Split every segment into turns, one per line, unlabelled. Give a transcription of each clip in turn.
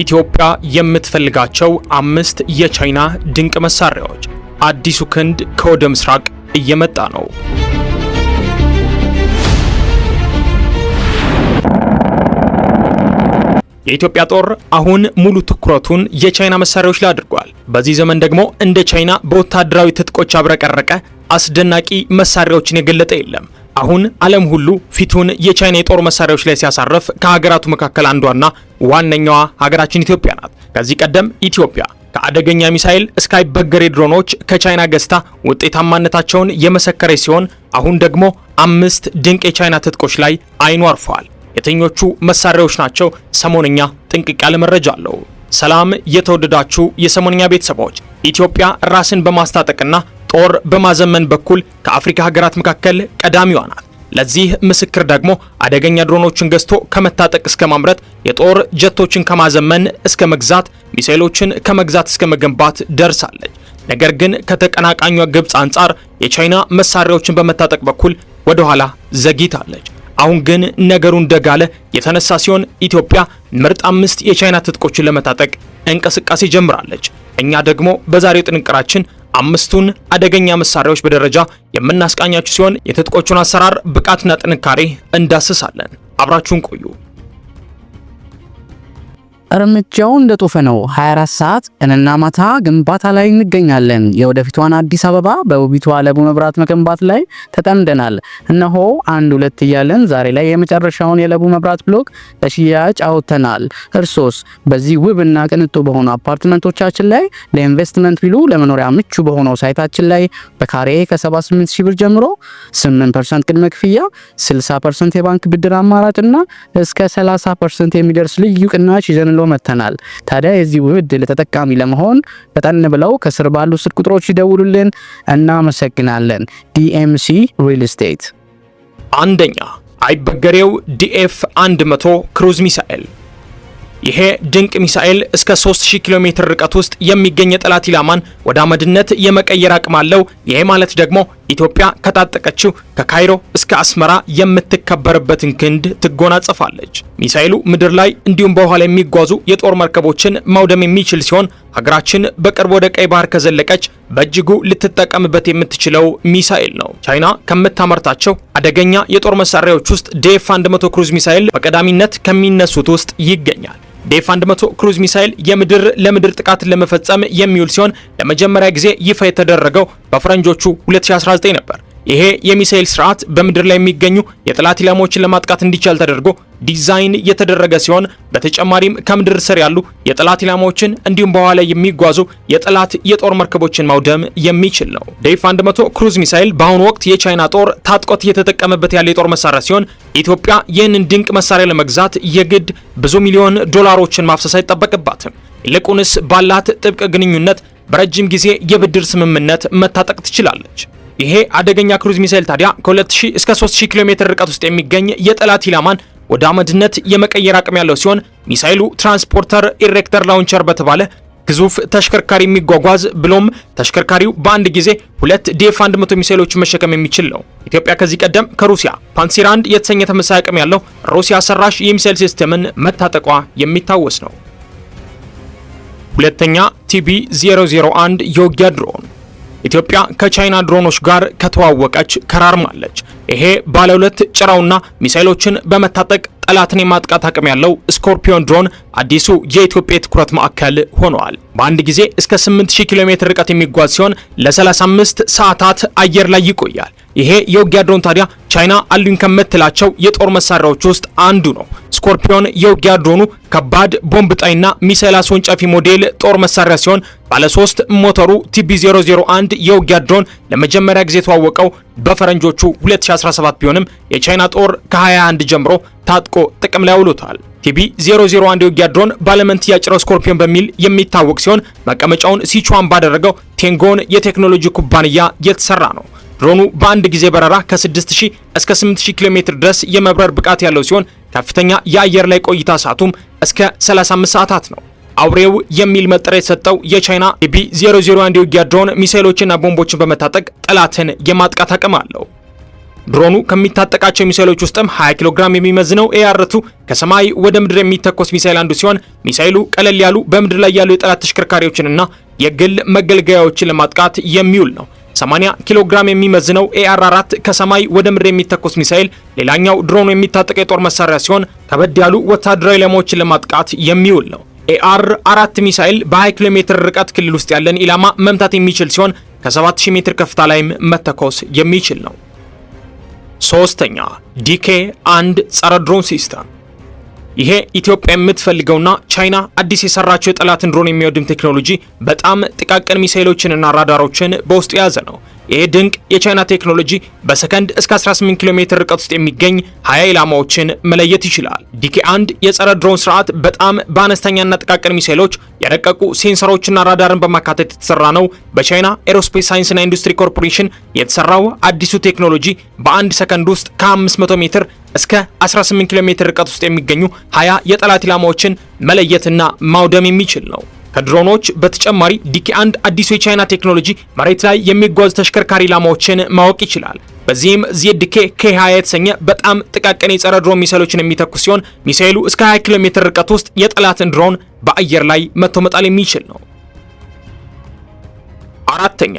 ኢትዮጵያ የምትፈልጋቸው አምስት የቻይና ድንቅ መሳሪያዎች። አዲሱ ክንድ ከወደ ምስራቅ እየመጣ ነው። የኢትዮጵያ ጦር አሁን ሙሉ ትኩረቱን የቻይና መሳሪያዎች ላይ አድርጓል። በዚህ ዘመን ደግሞ እንደ ቻይና በወታደራዊ ትጥቆች አብረቀረቀ አስደናቂ መሳሪያዎችን የገለጠ የለም። አሁን ዓለም ሁሉ ፊቱን የቻይና የጦር መሳሪያዎች ላይ ሲያሳረፍ ከሀገራቱ መካከል አንዷና ዋነኛዋ ሀገራችን ኢትዮጵያ ናት። ከዚህ ቀደም ኢትዮጵያ ከአደገኛ ሚሳኤል እስካይ በገሬ ድሮኖች ከቻይና ገዝታ ውጤታማነታቸውን የመሰከረ ሲሆን አሁን ደግሞ አምስት ድንቅ የቻይና ትጥቆች ላይ አይኑ አርፈዋል። የትኞቹ መሳሪያዎች ናቸው? ሰሞንኛ ጥንቅቅ ያለ መረጃ አለው። ሰላም የተወደዳችሁ የሰሞንኛ ቤተሰቦች ኢትዮጵያ ራስን በማስታጠቅና ጦር በማዘመን በኩል ከአፍሪካ ሀገራት መካከል ቀዳሚዋ ናት። ለዚህ ምስክር ደግሞ አደገኛ ድሮኖችን ገዝቶ ከመታጠቅ እስከ ማምረት፣ የጦር ጀቶችን ከማዘመን እስከ መግዛት፣ ሚሳይሎችን ከመግዛት እስከ መገንባት ደርሳለች። ነገር ግን ከተቀናቃኟ ግብፅ አንጻር የቻይና መሳሪያዎችን በመታጠቅ በኩል ወደ ኋላ ዘግይታለች። አሁን ግን ነገሩ እንደጋለ የተነሳ ሲሆን ኢትዮጵያ ምርጥ አምስት የቻይና ትጥቆችን ለመታጠቅ እንቅስቃሴ ጀምራለች። እኛ ደግሞ በዛሬው ጥንቅራችን አምስቱን አደገኛ መሳሪያዎች በደረጃ የምናስቃኛችሁ ሲሆን የትጥቆቹን አሰራር ብቃትና ጥንካሬ እንዳስሳለን። አብራችሁን ቆዩ።
እርምጃው እንደጦፈ ነው። 24 ሰዓት ቀንና ማታ ግንባታ ላይ እንገኛለን። የወደፊቷን አዲስ አበባ በውቢቷ ለቡ መብራት መገንባት ላይ ተጠምደናል። እነሆ አንድ ሁለት እያለን ዛሬ ላይ የመጨረሻውን የለቡ መብራት ብሎክ ለሽያጭ አውጥተናል። እርሶስ በዚህ ውብ እና ቅንጡ በሆኑ አፓርትመንቶቻችን ላይ ለኢንቨስትመንት ቢሉ ለመኖሪያ ምቹ በሆነው ሳይታችን ላይ በካሬ ከ78 ሺህ ብር ጀምሮ 8% ቅድመ ክፍያ፣ 60% የባንክ ብድር አማራጭና እስከ 30% የሚደርስ ልዩ ቅናሽ ይዘን ዘሎ መተናል። ታዲያ የዚህ ውብ ተጠቃሚ ለመሆን ፈጠን ብለው ከስር ባሉ ስልክ ቁጥሮች ይደውሉልን። እናመሰግናለን። ዲኤምሲ ሪል ስቴት።
አንደኛ አይበገሬው ዲኤፍ 100 ክሩዝ ሚሳኤል ይሄ ድንቅ ሚሳኤል እስከ 3000 ኪሎ ሜትር ርቀት ውስጥ የሚገኝ የጠላት ኢላማን ወደ አመድነት የመቀየር አቅም አለው። ይሄ ማለት ደግሞ ኢትዮጵያ ከታጠቀችው ከካይሮ እስከ አስመራ የምትከበርበትን ክንድ ትጎናጸፋለች። ሚሳኤሉ ምድር ላይ እንዲሁም በኋላ የሚጓዙ የጦር መርከቦችን ማውደም የሚችል ሲሆን ሀገራችን በቅርብ ወደ ቀይ ባህር ከዘለቀች በእጅጉ ልትጠቀምበት የምትችለው ሚሳኤል ነው። ቻይና ከምታመርታቸው አደገኛ የጦር መሳሪያዎች ውስጥ ዴፍ 100 ክሩዝ ሚሳኤል በቀዳሚነት ከሚነሱት ውስጥ ይገኛል። ዴፍ 100 ክሩዝ ሚሳይል የምድር ለምድር ጥቃት ለመፈጸም የሚውል ሲሆን ለመጀመሪያ ጊዜ ይፋ የተደረገው በፈረንጆቹ 2019 ነበር። ይሄ የሚሳኤል ስርዓት በምድር ላይ የሚገኙ የጠላት ኢላማዎችን ለማጥቃት እንዲቻል ተደርጎ ዲዛይን የተደረገ ሲሆን በተጨማሪም ከምድር ስር ያሉ የጠላት ኢላማዎችን እንዲሁም በኋላ ላይ የሚጓዙ የጠላት የጦር መርከቦችን ማውደም የሚችል ነው። ዴፍ 100 ክሩዝ ሚሳኤል በአሁኑ ወቅት የቻይና ጦር ታጥቆት እየተጠቀመበት ያለ የጦር መሳሪያ ሲሆን ኢትዮጵያ ይህንን ድንቅ መሳሪያ ለመግዛት የግድ ብዙ ሚሊዮን ዶላሮችን ማፍሰስ አይጠበቅባትም። ይልቁንስ ባላት ጥብቅ ግንኙነት በረጅም ጊዜ የብድር ስምምነት መታጠቅ ትችላለች። ይሄ አደገኛ ክሩዝ ሚሳኤል ታዲያ ከ2000 እስከ 3000 ኪሎ ሜትር ርቀት ውስጥ የሚገኝ የጠላት ኢላማን ወደ አመድነት የመቀየር አቅም ያለው ሲሆን ሚሳኤሉ ትራንስፖርተር ኢሬክተር ላውንቸር በተባለ ግዙፍ ተሽከርካሪ የሚጓጓዝ ብሎም ተሽከርካሪው በአንድ ጊዜ ሁለት ዴፍ 100 ሚሳኤሎች መሸከም የሚችል ነው። ኢትዮጵያ ከዚህ ቀደም ከሩሲያ ፓንሲር አንድ የተሰኘ ተመሳሳይ አቅም ያለው ሩሲያ ሰራሽ የሚሳኤል ሲስተምን መታጠቋ የሚታወስ ነው። ሁለተኛ ቲቢ 001 የውጊያ ድሮን ኢትዮጵያ ከቻይና ድሮኖች ጋር ከተዋወቀች ከራርማለች። ይሄ ባለ ሁለት ጭራውና ሚሳይሎችን በመታጠቅ ጠላትን የማጥቃት አቅም ያለው ስኮርፒዮን ድሮን አዲሱ የኢትዮጵያ የትኩረት ማዕከል ሆኗል። በአንድ ጊዜ እስከ 8000 ኪሎ ሜትር ርቀት የሚጓዝ ሲሆን ለ35 ሰዓታት አየር ላይ ይቆያል። ይሄ የውጊያ ድሮን ታዲያ ቻይና አሉኝ ከምትላቸው የጦር መሳሪያዎች ውስጥ አንዱ ነው። ስኮርፒዮን የውጊያ ድሮኑ ከባድ ቦምብ ጣይና ሚሳይል አስወንጫፊ ሞዴል ጦር መሳሪያ ሲሆን ባለ ሶስት ሞተሩ ቲቢ001 የውጊያ ድሮን ለመጀመሪያ ጊዜ የተዋወቀው በፈረንጆቹ 2017 ቢሆንም የቻይና ጦር ከ21 ጀምሮ ታጥቆ ጥቅም ላይ አውሎታል። ቲቢ 001 የውጊያ ድሮን ባለመንት ያጭረው ስኮርፒዮን በሚል የሚታወቅ ሲሆን መቀመጫውን ሲቹዋን ባደረገው ቴንጎን የቴክኖሎጂ ኩባንያ የተሰራ ነው። ድሮኑ በአንድ ጊዜ በረራ ከ6000 እስከ 8000 ኪሎ ሜትር ድረስ የመብረር ብቃት ያለው ሲሆን ከፍተኛ የአየር ላይ ቆይታ ሰዓቱም እስከ 35 ሰዓታት ነው። አውሬው የሚል መጠሪያ የተሰጠው የቻይና ቢ 001 የውጊያ ድሮን ሚሳይሎችና ቦምቦችን በመታጠቅ ጠላትን የማጥቃት አቅም አለው። ድሮኑ ከሚታጠቃቸው ሚሳይሎች ውስጥም 20 ኪሎ ግራም የሚመዝነው ኤአርቱ ከሰማይ ወደ ምድር የሚተኮስ ሚሳይል አንዱ ሲሆን ሚሳይሉ ቀለል ያሉ በምድር ላይ ያሉ የጠላት ተሽከርካሪዎችንና የግል መገልገያዎችን ለማጥቃት የሚውል ነው። 80 ኪሎ ግራም የሚመዝነው ኤአር 4 ከሰማይ ወደ ምድር የሚተኮስ ሚሳኤል፣ ሌላኛው ድሮኑ የሚታጠቅ የጦር መሳሪያ ሲሆን ከበድ ያሉ ወታደራዊ ኢላማዎችን ለማጥቃት የሚውል ነው። ኤአር 4 ሚሳኤል በ20 ኪሎ ሜትር ርቀት ክልል ውስጥ ያለን ኢላማ መምታት የሚችል ሲሆን ከ7000 ሜትር ከፍታ ላይም መተኮስ የሚችል ነው። ሶስተኛ ዲኬ አንድ ጸረ ድሮን ሲስተም ይሄ ኢትዮጵያ የምትፈልገውና ቻይና አዲስ የሰራቸው የጠላትን ድሮን የሚወድም ቴክኖሎጂ በጣም ጥቃቅን ሚሳይሎችንና ራዳሮችን በውስጡ የያዘ ነው። ይህ ድንቅ የቻይና ቴክኖሎጂ በሰከንድ እስከ 18 ኪሎ ሜትር ርቀት ውስጥ የሚገኝ ሀያ ኢላማዎችን መለየት ይችላል። ዲኬ አንድ የጸረ ድሮን ስርዓት በጣም በአነስተኛና ጥቃቅን ሚሳይሎች የረቀቁ ሴንሰሮችና ራዳርን በማካተት የተሰራ ነው። በቻይና ኤሮስፔስ ሳይንስና ኢንዱስትሪ ኮርፖሬሽን የተሰራው አዲሱ ቴክኖሎጂ በአንድ ሰከንድ ውስጥ ከ500 ሜትር እስከ 18 ኪሎ ሜትር ርቀት ውስጥ የሚገኙ ሀያ የጠላት ኢላማዎችን መለየትና ማውደም የሚችል ነው። ከድሮኖች በተጨማሪ ዲኪ አንድ አዲሱ የቻይና ቴክኖሎጂ መሬት ላይ የሚጓዙ ተሽከርካሪ ኢላማዎችን ማወቅ ይችላል። በዚህም ዚድኬ ከ20 የተሰኘ በጣም ጥቃቅን የጸረ ድሮን ሚሳይሎችን የሚተኩስ ሲሆን ሚሳይሉ እስከ 20 ኪሎ ሜትር ርቀት ውስጥ የጠላትን ድሮን በአየር ላይ መቶ መጣል የሚችል ነው። አራተኛ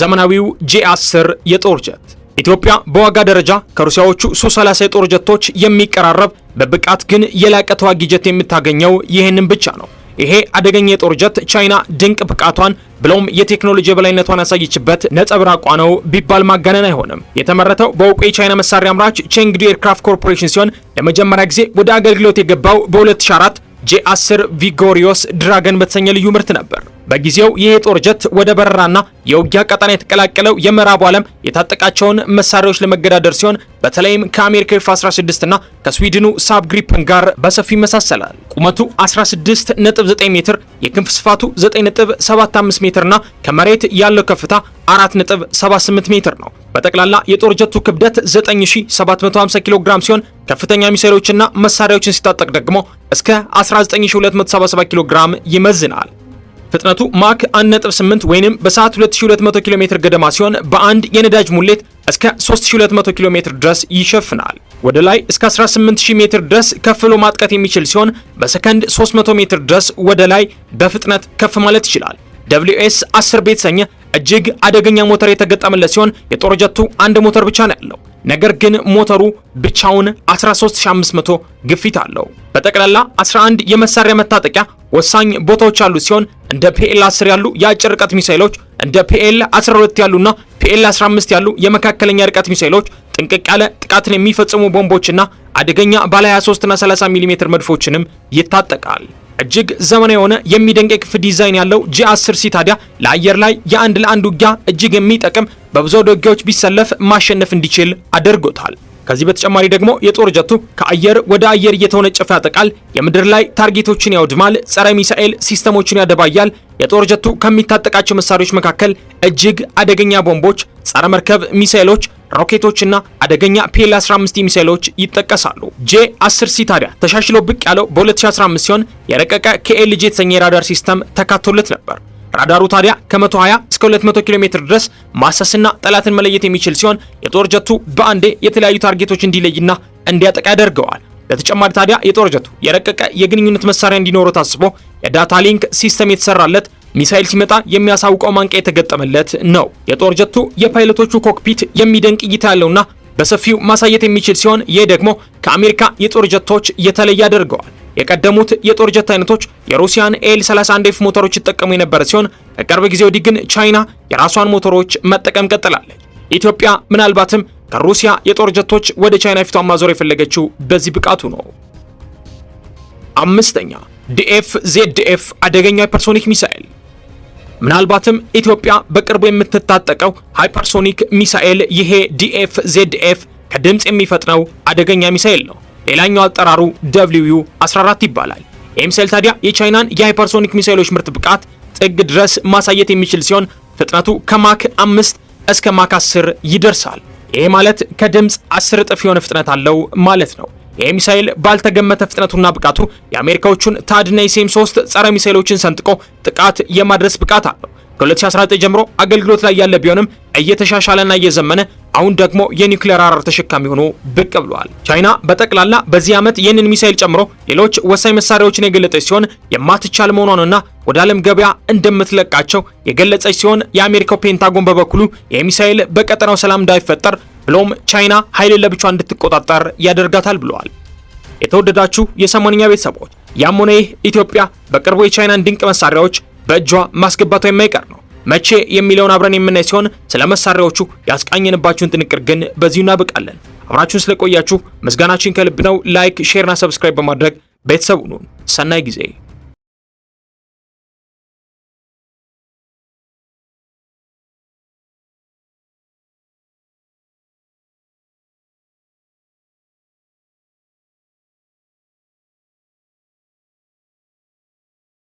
ዘመናዊው ጂ 10 የጦር ጀት ኢትዮጵያ በዋጋ ደረጃ ከሩሲያዎቹ ሱ30 የጦር ጀቶች የሚቀራረብ በብቃት ግን የላቀ ተዋጊ ጀት የምታገኘው ይህንን ብቻ ነው። ይሄ አደገኛ የጦር ጀት ቻይና ድንቅ ብቃቷን ብሎም የቴክኖሎጂ የበላይነቷን ያሳየችበት ነጸብራቋ ነው ቢባል ማጋነን አይሆንም። የተመረተው በእውቁ የቻይና መሳሪያ አምራች ቼንግዱ ኤርክራፍት ኮርፖሬሽን ሲሆን ለመጀመሪያ ጊዜ ወደ አገልግሎት የገባው በ2004 ጄ10 ቪጎሪዮስ ድራገን በተሰኘ ልዩ ምርት ነበር። በጊዜው ይህ የጦር ጀት ወደ በረራና የውጊያ ቀጠና የተቀላቀለው የምዕራቡ ዓለም የታጠቃቸውን መሳሪያዎች ለመገዳደር ሲሆን በተለይም ከአሜሪካ ኤፍ 16 እና ከስዊድኑ ሳብ ግሪፐን ጋር በሰፊው ይመሳሰላል። ቁመቱ 16.9 ሜትር፣ የክንፍ ስፋቱ 9.75 ሜትር እና ከመሬት ያለው ከፍታ 4.78 ሜትር ነው። በጠቅላላ የጦር ጀቱ ክብደት 9750 ኪሎ ግራም ሲሆን ከፍተኛ ሚሳይሎችና መሳሪያዎችን ሲታጠቅ ደግሞ እስከ 19277 ኪሎ ግራም ይመዝናል። ፍጥነቱ ማክ 1.8 ወይም በሰዓት 2200 ኪሎ ሜትር ገደማ ሲሆን በአንድ የነዳጅ ሙሌት እስከ 3200 ኪሎ ሜትር ድረስ ይሸፍናል። ወደ ላይ እስከ 18000 ሜትር ድረስ ከፍ ብሎ ማጥቃት የሚችል ሲሆን በሰከንድ 300 ሜትር ድረስ ወደ ላይ በፍጥነት ከፍ ማለት ይችላል። ደብሊው ኤስ 10 ቤተሰኘ እጅግ አደገኛ ሞተር የተገጠመለት ሲሆን የጦር ጀቱ አንድ ሞተር ብቻ ነው ያለው። ነገር ግን ሞተሩ ብቻውን 13500 ግፊት አለው። በጠቅላላ 11 የመሳሪያ መታጠቂያ ወሳኝ ቦታዎች ያሉት ሲሆን እንደ ፒኤል 10 ያሉ የአጭር ርቀት ሚሳይሎች እንደ ፒኤል 12 ያሉና ፒኤል 15 ያሉ የመካከለኛ ርቀት ሚሳይሎች ጥንቅቅ ያለ ጥቃትን የሚፈጽሙ ቦምቦችና አደገኛ ባለ 23 እና 30 ሚሊሜትር መድፎችንም ይታጠቃል። እጅግ ዘመናዊ የሆነ የሚደንቅ ክፍ ዲዛይን ያለው ጂ10 ሲ ታዲያ ለአየር ላይ የአንድ ለአንድ ውጊያ እጅግ የሚጠቅም በብዙ ውጊያዎች ቢሰለፍ ማሸነፍ እንዲችል አድርጎታል። ከዚህ በተጨማሪ ደግሞ የጦር ጀቱ ከአየር ወደ አየር እየተወነጨፈ ያጠቃል፣ የምድር ላይ ታርጌቶችን ያውድማል፣ ጸረ ሚሳኤል ሲስተሞችን ያደባያል። የጦር ጀቱ ከሚታጠቃቸው መሳሪያዎች መካከል እጅግ አደገኛ ቦምቦች፣ ጸረ መርከብ ሚሳኤሎች፣ ሮኬቶችና አደገኛ ፒኤል 15 ሚሳይሎች ይጠቀሳሉ። ጄ 10 ሲ ታዲያ ተሻሽሎ ብቅ ያለው በ2015 ሲሆን የረቀቀ ኬኤልጂ የተሰኘ የራዳር ሲስተም ተካቶለት ነበር። ራዳሩ ታዲያ ከ120 እስከ 200 ኪሎ ሜትር ድረስ ማሰስና ጠላትን መለየት የሚችል ሲሆን የጦር ጀቱ በአንዴ የተለያዩ ታርጌቶች እንዲለይና እንዲያጠቃ ያደርገዋል። በተጨማሪ ታዲያ የጦር ጀቱ የረቀቀ የግንኙነት መሳሪያ እንዲኖረው ታስቦ የዳታ ሊንክ ሲስተም የተሰራለት ሚሳኤል ሲመጣ የሚያሳውቀው ማንቂያ የተገጠመለት ነው። የጦር ጀቱ የፓይለቶቹ ኮክፒት የሚደንቅ እይታ ያለውና በሰፊው ማሳየት የሚችል ሲሆን ይህ ደግሞ ከአሜሪካ የጦር ጀቶች የተለየ ያደርገዋል። የቀደሙት የጦር ጀት አይነቶች የሩሲያን ኤል 31ፍ ሞተሮች ይጠቀሙ የነበረ ሲሆን ከቅርብ ጊዜ ወዲህ ግን ቻይና የራሷን ሞተሮች መጠቀም ቀጥላለች። ኢትዮጵያ ምናልባትም ከሩሲያ የጦር ጀቶች ወደ ቻይና ፊቷን ማዞር የፈለገችው በዚህ ብቃቱ ነው። አምስተኛ ዲኤፍ ዜድኤፍ አደገኛ የፐርሶኒክ ሚሳኤል ምናልባትም ኢትዮጵያ በቅርቡ የምትታጠቀው ሃይፐርሶኒክ ሚሳኤል ይሄ ዲኤፍ ዜድኤፍ ከድምፅ የሚፈጥነው አደገኛ ሚሳኤል ነው። ሌላኛው አጠራሩ ደብልዩ 14 ይባላል። ይህ ሚሳኤል ታዲያ የቻይናን የሃይፐርሶኒክ ሚሳኤሎች ምርት ብቃት ጥግ ድረስ ማሳየት የሚችል ሲሆን ፍጥነቱ ከማክ 5 እስከ ማክ 10 ይደርሳል። ይህ ማለት ከድምፅ 10 እጥፍ የሆነ ፍጥነት አለው ማለት ነው። ይህ ሚሳኤል ባልተገመተ ፍጥነቱና ብቃቱ የአሜሪካዎቹን ታድና ሴም 3 ጸረ ሚሳኤሎችን ሰንጥቆ ጥቃት የማድረስ ብቃት አለው። ከ2019 ጀምሮ አገልግሎት ላይ ያለ ቢሆንም እየተሻሻለና እየዘመነ አሁን ደግሞ የኒውክሌር አራር ተሸካሚ ሆኖ ብቅ ብሏል። ቻይና በጠቅላላ በዚህ ዓመት ይህንን ሚሳኤል ጨምሮ ሌሎች ወሳኝ መሳሪያዎችን የገለጠች ሲሆን የማትቻል መሆኗንና ወደ ዓለም ገበያ እንደምትለቃቸው የገለጸች ሲሆን የአሜሪካው ፔንታጎን በበኩሉ ሚሳኤል በቀጠናው ሰላም እንዳይፈጠር ብሎም ቻይና ኃይልን ለብቻ እንድትቆጣጠር ያደርጋታል ብለዋል። የተወደዳችሁ የሰሞንኛ ቤተሰቦች ያም ሆነ ይህ ኢትዮጵያ በቅርቡ የቻይናን ድንቅ መሳሪያዎች በእጇ ማስገባቷ የማይቀር ነው። መቼ የሚለውን አብረን የምናይ ሲሆን ስለ መሳሪያዎቹ ያስቃኘንባችሁን ጥንቅር ግን በዚሁ እናብቃለን። አብራችሁን ስለቆያችሁ ምስጋናችን ከልብ ነው። ላይክ፣ ሼርና ሰብስክራይብ በማድረግ ቤተሰብ ሁኑን። ሰናይ ጊዜ